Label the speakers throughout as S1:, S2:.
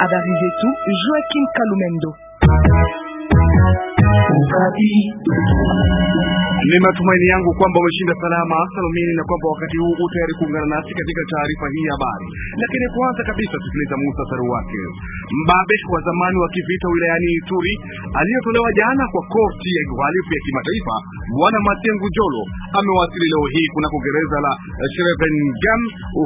S1: Abarigé tout, Joaquin Kalumendo. Ni matumaini yangu kwamba umeshinda salama salumini na kwamba wakati huu uko tayari kuungana nasi katika taarifa hii ya habari. Lakini kwanza kabisa sikiliza muhtasari wake. Mbabe wa zamani wa kivita wilayani Ituri aliyetolewa jana kwa korti ya uhalifu ya kimataifa, Bwana Matengu Jolo amewasili leo hii kunako gereza la Sherevengham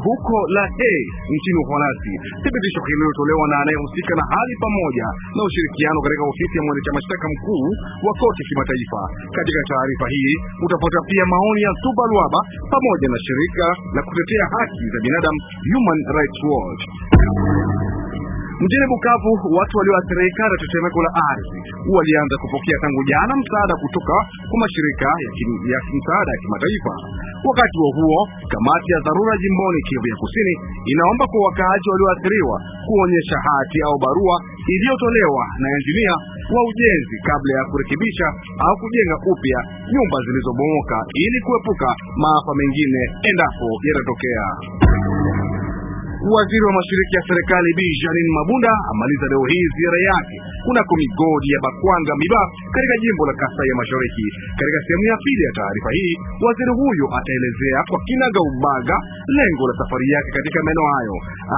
S1: huko La he nchini Uholanzi. Thibitisho hilo lilotolewa na anayehusika na hali pamoja na ushirikiano katika ofisi ya mwendesha mashtaka mashtaka mkuu wa koti kimataifa. Katika taarifa hii utapata pia maoni ya Subaluaba pamoja na shirika la kutetea haki za binadamu Human Rights Watch. Mjini Bukavu, watu walioathirika na tetemeko la ardhi walianza kupokea tangu jana msaada kutoka kwa mashirika ya, kim, ya msaada ya kimataifa. Wakati wa huo, kamati ya dharura jimboni Kivu ya Kusini inaomba kwa wakaaji walioathiriwa kuonyesha hati au barua iliyotolewa na injinia wa ujenzi kabla ya kurekebisha au kujenga upya nyumba zilizobomoka ili kuepuka maafa mengine endapo yatatokea. Waziri wa mashiriki ya serikali Bi janin Mabunda amaliza leo hii ziara yake kunako migodi ya Bakwanga Miba katika jimbo la Kasai ya Mashariki. Katika sehemu ya pili ya taarifa hii, waziri huyo ataelezea kwa kinaga ubaga lengo la safari yake katika maeneo hayo.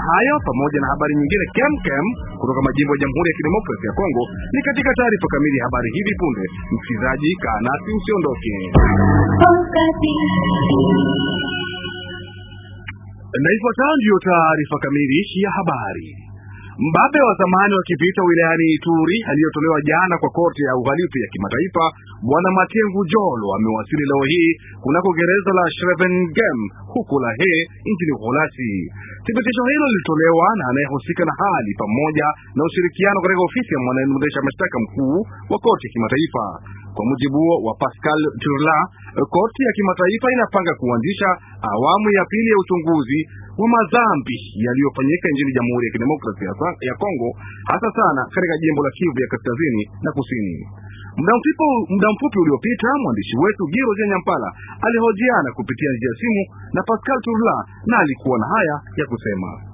S1: Hayo pamoja na habari nyingine kemkem kutoka majimbo ya Jamhuri ya Kidemokrasia ya Kongo ni katika taarifa kamili ya habari hivi punde. Msikilizaji, kaa nasi, usiondoke. Na ifuatayo ndiyo taarifa kamili ya habari. Mbabe wa zamani wa kivita wilayani Ituri aliyotolewa jana kwa korti ya uhalifu ya kimataifa Bwana Matengu Jolo amewasili leo hii kunako gereza la Shrevengem huko he nchini Uholasi. Thibitisho hilo lilitolewa na anayehusika na hali pamoja na ushirikiano katika ofisi ya mwendesha mashtaka mkuu wa korti ya kimataifa. Kwa mujibu wa Pascal Turla, korti ya kimataifa inapanga kuanzisha awamu ya pili ya uchunguzi wa madhambi yaliyofanyika nchini Jamhuri ya Kidemokrasia ya Kongo, hasa sana katika jimbo la Kivu ya kaskazini na kusini. Muda mfupi uliopita mwandishi wetu Giroje Nyampala alihojiana kupitia njia ya simu na Pascal Turla na alikuwa na haya ya kusema.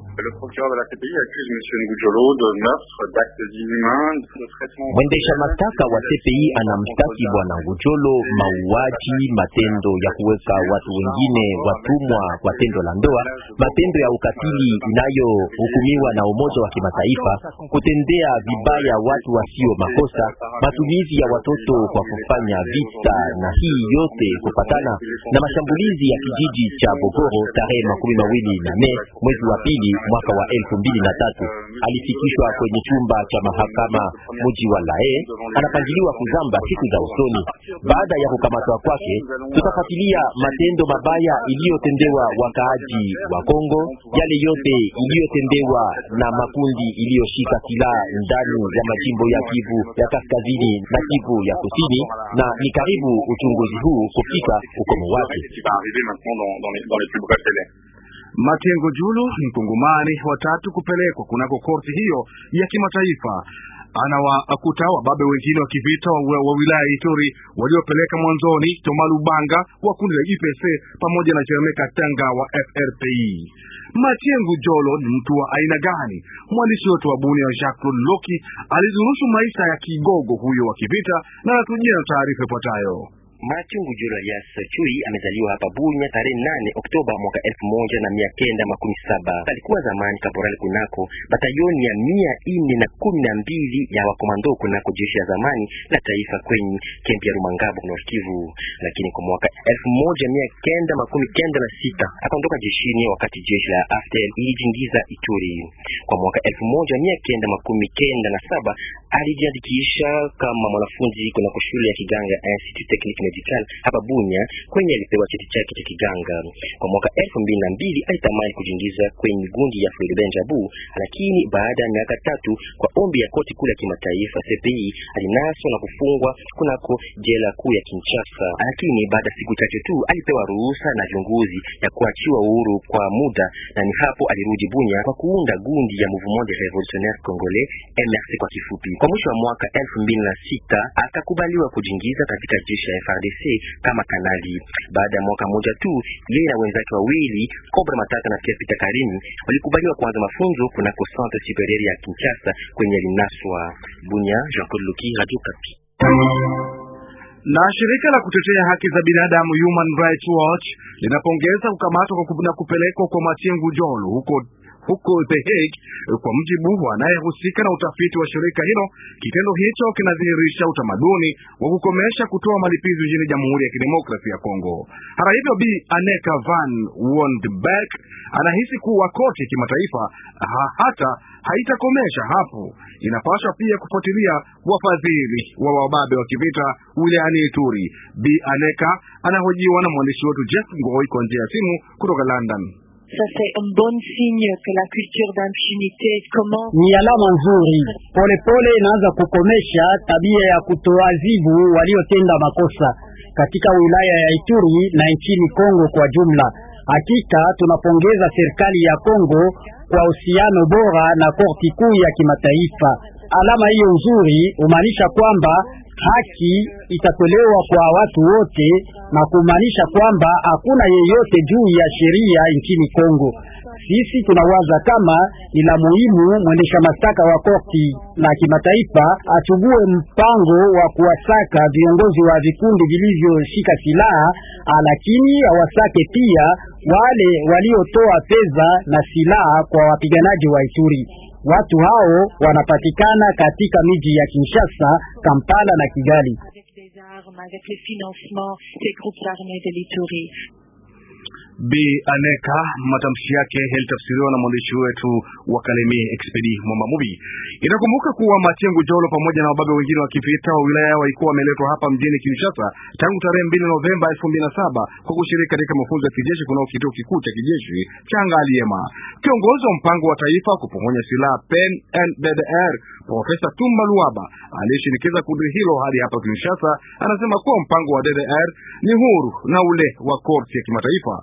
S1: Mwendesha mashtaka wa CPI anamshtaki bwana
S2: Ngujolo mauaji, matendo ya kuweka watu wengine watumwa kwa tendo la ndoa, matendo ya ukatili inayohukumiwa na Umoja wa Kimataifa, kutendea vibaya watu wasio makosa, matumizi ya watoto kwa kufanya vita, na hii yote kupatana na mashambulizi ya kijiji cha Bogoro tarehe makumi mawili na nne mwezi wa pili mwaka wa elfu mbili na tatu alifikishwa kwenye chumba cha mahakama mji wa Lae. Anapangiliwa kuzamba siku za usoni. Baada ya kukamatwa kwake, tutafuatilia matendo mabaya iliyotendewa wakaaji wa Kongo, yale yote iliyotendewa na makundi iliyoshika silaha ndani ya majimbo ya Kivu ya kaskazini na Kivu ya kusini, na
S1: ni karibu uchunguzi huu kufika ukomo wake. Matengo Julu ni mkongomani watatu kupelekwa kunako korti hiyo ya kimataifa anawakuta wababe wengine wa kivita wa wilaya ya Ituri waliopeleka mwanzoni Toma Lubanga wa kundi la UPC pamoja na Jerome Katanga wa FRPI. Matiengu Jolo ni mtu wa aina gani? Mwandishi wetu wa Bunia Jacques Claude Loki alizurushu maisha ya kigogo huyo wa kivita na anatujia na taarifa
S2: ifuatayo. Mathieu Ngujula Elias Chui amezaliwa hapa Bunya tarehe nane Oktoba mwaka elfu moja na mia kenda makumi saba. Alikuwa zamani kaporali kunako batayoni ya mia ine na kumi na mbili ya wakomando kunako jeshi ya zamani la taifa kwenye kempi ya Rumangabo Nord Kivu, lakini kwa mwaka elfu moja mia kenda makumi kenda na sita akaondoka jeshini wakati jeshi la AFDL ilijingiza Ituri. Kwa mwaka elfu moja mia kenda makumi kenda na saba alijiandikisha kama mwanafunzi kunako shule ya Kiganga Institut Technique Medical hapa Bunya kwenye alipewa cheti chake cha kiganga kwa mwaka elfu mbili na mbili. Alitamani kujiingiza kwenye gundi ya Fredben benjabu lakini baada ya miaka tatu kwa ombi ya koti kule ya kimataifa CPI alinaswa na kufungwa kunako jela kuu ya Kinshasa, lakini baada siku chache tu alipewa ruhusa na viongozi ya kuachiwa uhuru kwa muda, na ni hapo alirudi Bunya kwa kuunda gundi ya Mouvement des Congolais MRC kwa kifupi. Kwa mwisho wa mwaka elfu mbili na sita akakubaliwa kujiingiza katika jeshi ya FARDC kama kanali. Baada ya mwaka mmoja tu, yeye na wenzake wawili Kobra Matata na pia Peter Karim walikubaliwa kuanza mafunzo kunako Centre Superieur ya Kinshasa kwenye linaswa Bunya. Jean Claude Luki, Radio Kapi.
S1: Na shirika la kutetea haki za binadamu Human Rights Watch linapongeza kukamatwa na kupelekwa kwa matiengu Jolo huko huko The Hague. Kwa mjibu wa anayehusika na utafiti wa shirika hilo, kitendo hicho kinadhihirisha utamaduni wa kukomesha kutoa malipizi nchini Jamhuri ya Kidemokrasia ya Kongo. Hata hivyo, Bi Aneka Van Wondberg anahisi kuwa koti ya kimataifa ha hata haitakomesha hapo. Inapaswa pia kufuatilia wafadhili wa wababe wa kivita wilayani Ituri. Bi Aneka anahojiwa na mwandishi wetu Jeff Ngoi kwa njia ya simu kutoka London.
S2: Ça c'est un bon signe que la culture d'impunité commence.
S1: Ni alama
S3: nzuri, polepole inaanza kukomesha tabia ya kutoazibu waliotenda makosa katika wilaya ya Ituri na nchini Kongo kwa jumla. Hakika tunapongeza serikali ya Kongo kwa uhusiano bora na korti kuu ya kimataifa. Alama hiyo nzuri humaanisha kwamba haki itatolewa kwa watu wote na kumaanisha kwamba hakuna yeyote juu ya sheria nchini Kongo. Sisi tunawaza kama ni la muhimu mwendesha mashtaka wa korti la kimataifa achugue mpango wa kuwasaka viongozi wa vikundi vilivyoshika silaha, lakini awasake pia wale waliotoa pesa na silaha kwa wapiganaji wa Ituri. Watu hao wanapatikana katika miji ya Kinshasa, Kampala na Kigali.
S1: Bi Aneka, matamshi yake yalitafsiriwa na mwandishi wetu wa Kalemie Expedi Mubi. inakumbuka kuwa Machengu Jolo pamoja na wababe wengine wa kivita wa wilaya walikuwa wameletwa hapa mjini Kinshasa tangu tarehe mbili Novemba elfu mbili na saba kwa kushiriki katika mafunzo ya kijeshi kunao kituo kikuu cha kijeshi cha Ngaliema. Kiongozi wa mpango wa taifa kupokonya silaha PEN NDDR Profesa Tumba Luaba aliyeshinikiza kundi hilo hadi hapa Kinshasa anasema kuwa mpango wa DDR ni huru na ule wa korti ya kimataifa.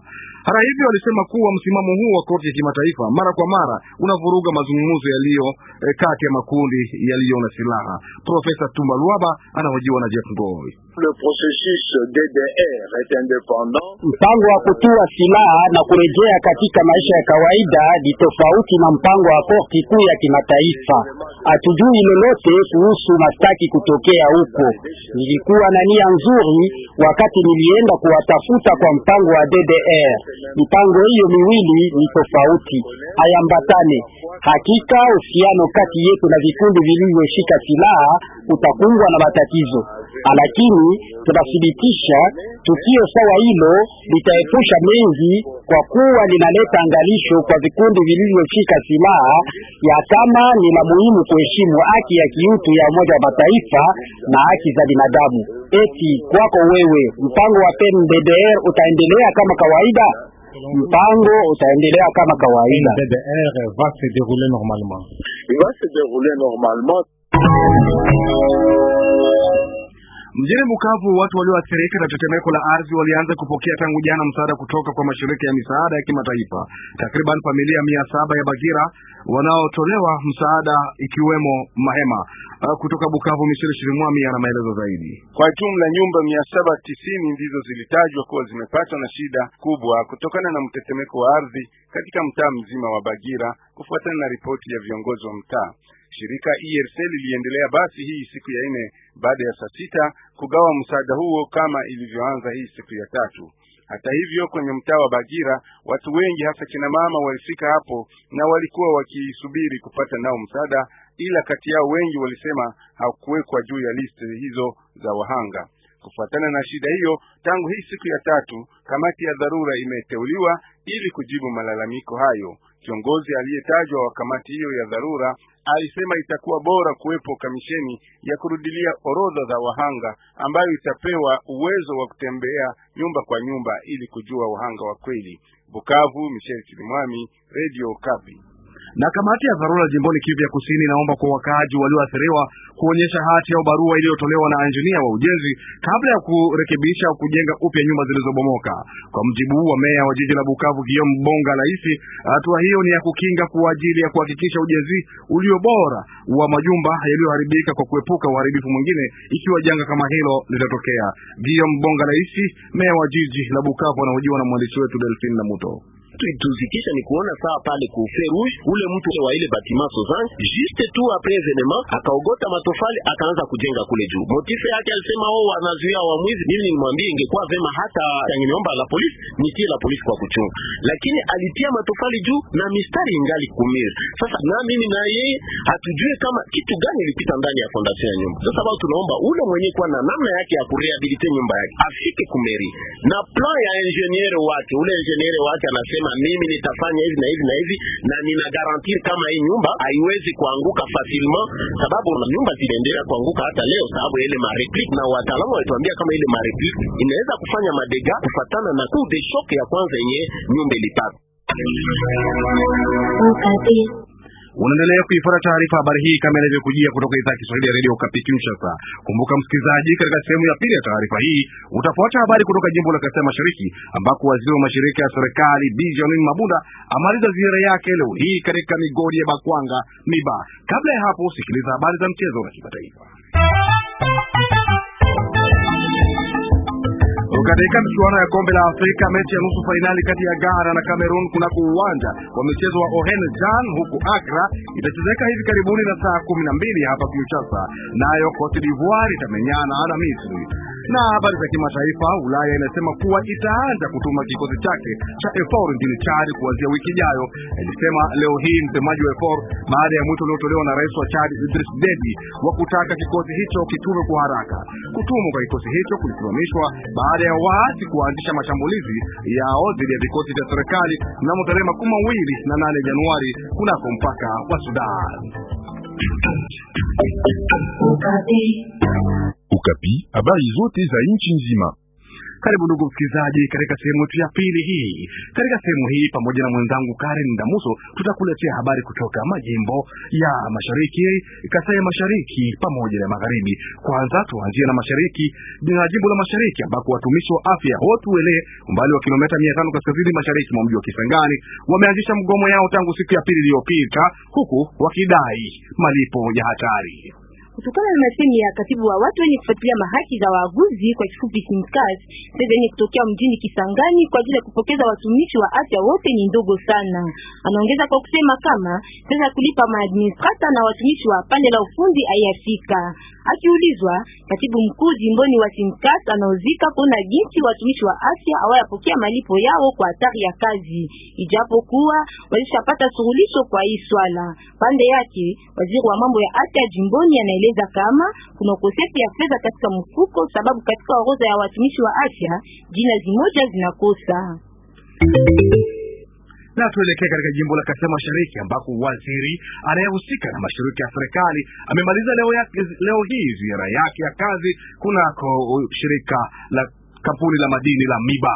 S1: Hata hivyo, alisema kuwa msimamo huu wa korti ya kimataifa mara kwa mara unavuruga mazungumzo yaliyo eh, kati ya makundi yaliyo na silaha. Profesa Tumba Luaba anahojiwa na Jeff Ngoi
S4: le processus DDR est indépendant.
S1: Mpango wa kutua silaha na kurejea
S3: katika maisha ya kawaida ni tofauti na mpango wa korti kuu ya kimataifa. Hatujui lolote kuhusu mastaki kutokea huko. Nilikuwa na nia nzuri wakati nilienda kuwatafuta kwa mpango wa DDR. Mipango hiyo miwili ni tofauti, hayambatane. Hakika uhusiano kati yetu na vikundi vilivyoshika silaha utakumbwa na matatizo, lakini fulani, tunathibitisha tukio sawa hilo litaepusha mengi, kwa kuwa linaleta angalisho kwa vikundi vilivyoshika silaha ya kama ni la muhimu kuheshimu haki ya kiutu ya Umoja wa Mataifa na haki za binadamu. Eti kwako wewe, mpango wa PNDDR utaendelea kama kawaida? Mpango utaendelea kama kawaida, va se dérouler normalement,
S1: va se dérouler normalement. Mjini Bukavu, watu walioathirika na tetemeko la ardhi walianza kupokea tangu jana msaada kutoka kwa mashirika ya misaada ya kimataifa. Takriban familia mia saba ya Bagira wanaotolewa msaada ikiwemo mahema uh, kutoka Bukavu. misiri Shirimwami ana maelezo zaidi. Kwa jumla nyumba mia saba tisini ndizo zilitajwa kuwa zimepatwa na shida kubwa kutokana na mtetemeko wa ardhi katika mtaa mzima wa Bagira, kufuatana na ripoti ya viongozi wa mtaa. Shirika ERC liliendelea basi hii siku ya nne baada ya saa sita kugawa msaada huo kama ilivyoanza hii siku ya tatu. Hata hivyo, kwenye mtaa wa Bagira watu wengi hasa kina mama walifika hapo na walikuwa wakisubiri kupata nao msaada, ila kati yao wengi walisema hakuwekwa juu ya listi hizo za wahanga. Kufuatana na shida hiyo, tangu hii siku ya tatu kamati ya dharura imeteuliwa ili kujibu malalamiko hayo. Kiongozi aliyetajwa wa kamati hiyo ya dharura alisema itakuwa bora kuwepo kamisheni ya kurudilia orodha za wahanga ambayo itapewa uwezo wa kutembea nyumba kwa nyumba ili kujua wahanga wa kweli. Bukavu, Michel Kilimwami, Radio Kapi. Na kamati ya dharura jimboni Kivu ya Kusini inaomba kwa wakaaji walioathiriwa kuonyesha hati au barua iliyotolewa na injinia wa ujenzi kabla ya kurekebisha au kujenga upya nyumba zilizobomoka. Kwa mjibu wa meya wa jiji la Bukavu Guillaume Bonga Laisi, hatua hiyo ni ya kukinga kwa ajili ya kuhakikisha ujenzi ulio bora wa majumba yaliyoharibika kwa kuepuka uharibifu mwingine ikiwa janga kama hilo litatokea. Guillaume Bonga Laisi, meya wa jiji la Bukavu, anahojiwa na mwandishi wetu Delphine muto ilituzikisha ni kuona saa pale ku Ferouge
S2: ule mtu wa ile batima Sozan juste tu apres evenema akaogota matofali akaanza kujenga kule juu. Motife yake alisema wao oh, wanazuia wa mwizi. Mimi nilimwambia ingekuwa vema hata angeniomba la polisi nitie la polisi kwa kuchunga, lakini alitia matofali juu na mistari ingali kumira. Sasa na mimi na yeye hatujue kama kitu gani ilipita ndani ya fondation ya nyumba. Sasa bao tunaomba ule mwenye kwa na namna yake ya kurehabilite nyumba yake afike kumeri na plan ya engineer wake, ule engineer wake anasema kusema mimi nitafanya hivi na hivi na hivi, na nina garantir kama hii nyumba haiwezi kuanguka facilement, sababu nyumba zinaendelea kuanguka hata leo, sababu ile mareplique. Na wataalamu walituambia kama ile mareplique inaweza kufanya madega kufatana na coup de shock ya kwanza yenye nyumba ilipata.
S1: Unaendelea kuifuata taarifa habari hii kama inavyokujia kutoka idhaa ya Kiswahili ya redio Okapi Kinshasa. Kumbuka msikilizaji, katika sehemu ya pili ya taarifa hii utafuata habari kutoka jimbo la Kasai Mashariki ambako waziri wa mashirika ya serikali Bi Mabunda amaliza ziara yake leo hii katika migodi ya Bakwanga Miba. Kabla ya hapo, sikiliza habari za mchezo na kimataifa. Katika michuano ya kombe la Afrika, mechi ya nusu fainali kati ya Ghana na Cameroon kunako uwanja wa michezo wa Ohen Jan huku Accra itachezeka hivi karibuni na saa kumi na mbili hapa Kinshasa, nayo Cote d'Ivoire itamenyana na Misri. Na habari za kimataifa, Ulaya inasema kuwa itaanza kutuma kikosi chake cha EUFOR nchini Chad kuanzia wiki ijayo, ilisema leo hii msemaji wa EUFOR baada ya mwito uliotolewa na rais wa Chad Idris Deby wa kutaka kikosi hicho kitume kwa haraka. Kutumwa kwa kikosi hicho kulisimamishwa baada ya waasi kuanzisha mashambulizi yao dhidi ya vikosi vya serikali mnamo tarehe makumi mawili na nane Januari kunako mpaka wa Sudan. Ukapi, habari zote za nchi nzima. Karibu ndugu msikilizaji, katika sehemu yetu ya pili hii. Katika sehemu hii pamoja na mwenzangu Karen Damuso tutakuletea habari kutoka majimbo ya mashariki, Kasai ya mashariki pamoja na magharibi. Kwanza tuanzie na mashariki na jimbo la mashariki ambako watumishi wa afya Hotuele umbali wa kilomita mia tano kaskazini mashariki mwa mji wa Kisangani wameanzisha mgomo yao tangu siku ya pili iliyopita, huku wakidai malipo
S5: ya hatari. Kutokana na masemi ya katibu wa watu wenye kufuatilia mahaki za waaguzi kwa kifupi Simkas, pesa kutokea mjini Kisangani kwa ajili ya kupokeza watumishi wa afya wote ni ndogo sana. Anaongeza kwa kusema kama pesa kulipa maadministrata na watumishi wa pande la ufundi haiyafika. Akiulizwa, katibu mkuu jimboni wa Simkas anaozika kuona jinsi watumishi wa afya hawayapokea malipo yao kwa hatari ya kazi, ijapo kuwa walishapata suluhisho kwa hii swala. Pande yake, waziri wa mambo ya afya jimboni ana alieleza kama kuna ukosefu ya fedha katika mfuko, sababu katika orodha ya watumishi wa afya jina zimoja zinakosa
S1: na tuelekee katika jimbo la Kasai Mashariki ambako waziri anayehusika na mashirika ya serikali amemaliza leo, ya, leo hii ziara yake ya kazi kunako shirika la kampuni la madini la Miba.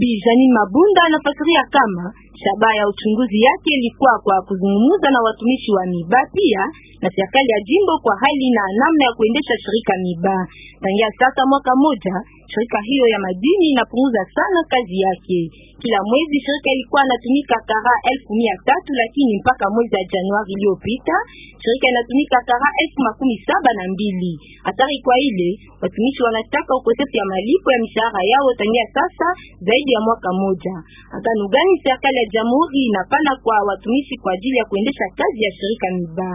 S5: Bijanin Mabunda anafasiria kama Shabaha ya uchunguzi yake ilikuwa kwa kuzungumza na watumishi wa miba pia na serikali ya jimbo kwa hali na namna ya kuendesha shirika miba. Tangia sasa mwaka moja, shirika hiyo ya madini inapunguza sana kazi yake. Kila mwezi shirika ilikuwa inatumika kara elfu mia tatu lakini mpaka mwezi wa Januari iliyopita shirika inatumika kara elfu makumi saba na mbili. Hatari kwa ile watumishi wanataka ukosefu ya malipo ya mishahara yao tangia sasa zaidi ya mwaka moja. Hata nugani serikali jamhuri inapana kwa watumishi kwa ajili ya kuendesha kazi ya shirika Miba.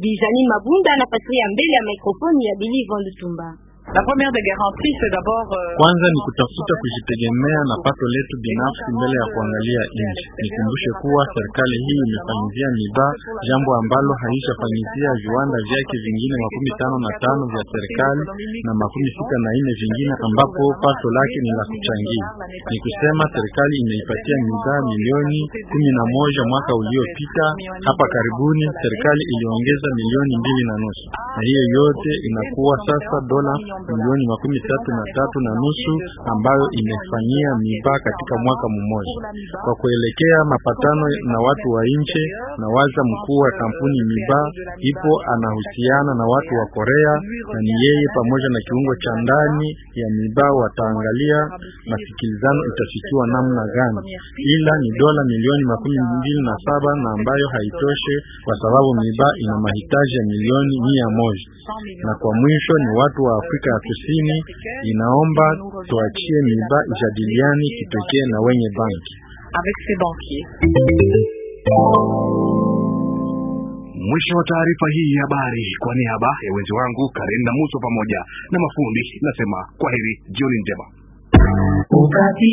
S5: Bizani Mabunda anafasiria mbele ya mikrofoni ya Billy Vondutumba. Euh,
S4: Kwanza ni kutafuta kujitegemea na pato letu binafsi mbele ya kuangalia nje. Nikumbushe kuwa serikali hii imefanyizia midaa, jambo ambalo haishafanyizia viwanda vyake vingine makumi tano na tano vya serikali na makumi sita na nne vingine ambapo pato lake ni la kuchangia. Ni kusema serikali imeipatia midaa milioni kumi na moja mwaka uliopita. Hapa karibuni serikali iliongeza milioni mbili na nusu, na hiyo yote inakuwa sasa dola milioni makumi tatu na tatu na nusu ambayo imefanyia miba katika mwaka mmoja. Kwa kuelekea mapatano na watu wa nje, na waza mkuu wa kampuni miba ipo anahusiana na watu wa Korea na ni yeye pamoja na kiungo cha ndani ya miba wataangalia masikilizano itafikiwa namna gani, ila ni dola milioni makumi mbili na saba na ambayo haitoshe kwa sababu miba ina mahitaji ya milioni mia moja na kwa mwisho ni watu wa Afrika Afrika ya Kusini inaomba tuachie miba ijadiliani kipekee na wenye banki.
S1: Mwisho wa taarifa hii ya habari, kwa niaba ya wenzi wangu Karen na Muso pamoja na mafundi, nasema kwaheri, jioni njema.
S4: Ukati.